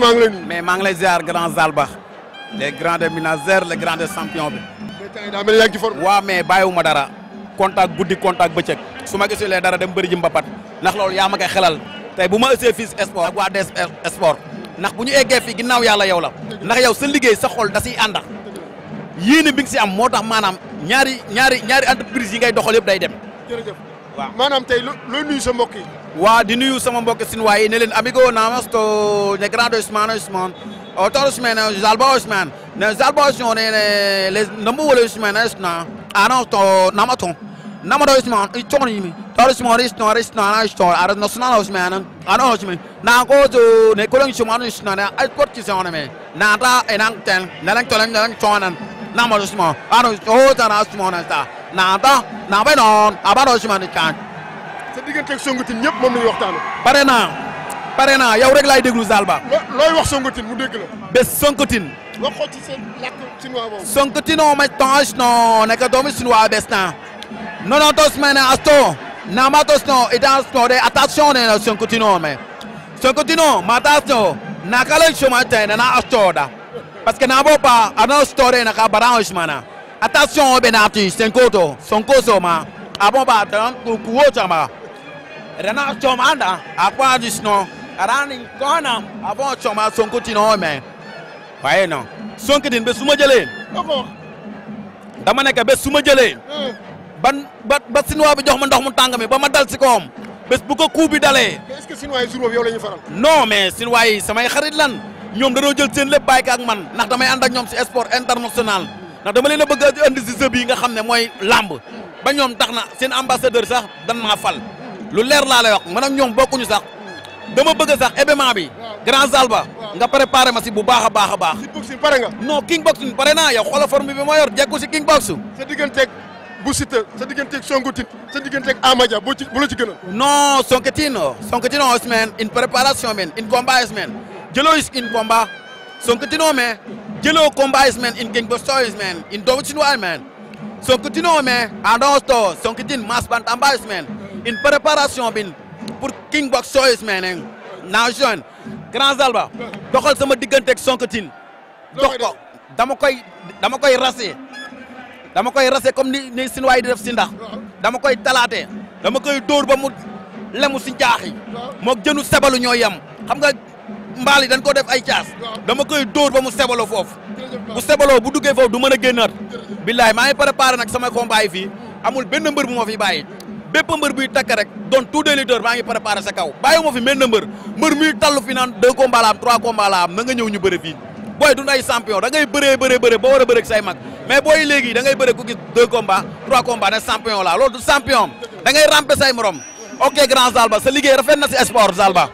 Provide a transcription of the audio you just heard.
maa ngi lay nuyu mais maa ngi lay ziar grand Zalba les grands de Minas Zer les grands de champion bi. waaw mais bàyyiwuma dara contact guddi contact bëccëg su ma gisulee dara dem bëri ji mbapat ndax loolu yaa ma koy xelal tey bu ma ësee fii sport ak des sport ndax bu ñu eggee fii ginnaaw yàlla yow la ndax yow sa liggéey sa xool da siy ànda bi nga si am moo tax maanaam ñaari ñaari ñaari entreprise yi ngay doxal yëpp day dem waaw maanaam tey nuyu sa mbokk yi. waa di nuyu sama mbokk Sinuwaay yi ne leen amigo namasto ne grande Ousmane Ousmane autor oh, Ousmane eh, zalba Ousmane ne zalba Ousmane eh, ne les nambu wala Ousmane eh, ah, Ousmane anato namaton namado Ousmane itoni yimi tor Ousmane Ousmane Ousmane Ousmane ara national Ousmane ah, Ousmane na ko to ne kolong Ousmane Ousmane me na ta enang tel nalang tolang nalang chonan namado Ousmane ana ah, o tana Ousmane ta naata naɓe noon aɓaɗo simani kan sa diggante ak Songotin ñëpp moom la ñu waxtaanu pare naa pare naa yow rek laay déglu looy wax Songotin mu dégg la bés Songotin wax ko ci seen làkk chinois boobu Songotinoo ma tonge no neka doomi chinois bés na nono tos mene asto nama tos no itas no de attention nena Sonkotino me Sonkotino matas no nakalen chomate nena astoda parce que na bopa ana store naka barange attention benati senkoto sonko soma abomba tan kuwo chama rana choma anda akwa disno arani kona abon choma sonko tino me waye no sonko din be suma jele dama nek be suma jele eh. ban ba sinwa bi jox ma mu ba ma dal bu ko bi est-ce que sinwa yi jour boobu faral non mais sinwa yi samay xarit lan ñoom dañoo jël seen lépp bàyyi ak man c'est damay ak sport international ndax dama leen a bëgg a andi si sëb nga xam ne mooy làmb ba ñoom tax na seen ambassadeur sax dan maa fal lu leer laa lay wax man ak ñoom bokkuñu sax dama bëgg sax événement bi grand salle ba nga préparé ma si bu baax a baax a baax. kickboxing pare nga. non kickboxing pare naa yow xoolal forme bi ma yor jekku si kickbox. sa digganteeg bu Siteu sa digganteeg Sonkotin sa digganteeg Amadia boo ci bu la ci gënal. non Sonkotino Sonkotino semaine une préparation men une combat semaine jëloo une combat Sonkotino mais. Jello combat in game, but stories, man. In Dovitin Wild, man. So continue, man. And also, so continue band embarrassment. In preparation, bin, pour King Box stories, man. Now, John, Grand Zalba, doxal sama diggante ak Sonkatine. dama koy dama koy rase. dama koy rase comme ni ni sin waay di def si dama koy talaate. dama koy dóor ba mu lemu si njaaxi. moog jënu sebalu ñoo yem. mbali dañ ko def ay tias dama koy door ba mu sebalo foofu bu sebalo bu duggé foofu du mën a billahi ma ngi préparer nak sama combat yi fi amul benn mbeur bu ma fi bayyi bepp mbeur buy tak rek don tout des lutteurs ma ngi préparer sa kaw bàyyi ma fi men mbeur mbeur mi talu fi nan deux combats la am trois combats la am na nga ñew ñu bëre fi boy du ay champion da ngay bëre bëre bëre ba wara bëre ak say mag mais boy légui da ngay bëre ku gis deux combats trois combats na champion la loolu du champion da ngay ramper say morom Oke okay, grand Zalba sa liggéey rafet na si sport Zalba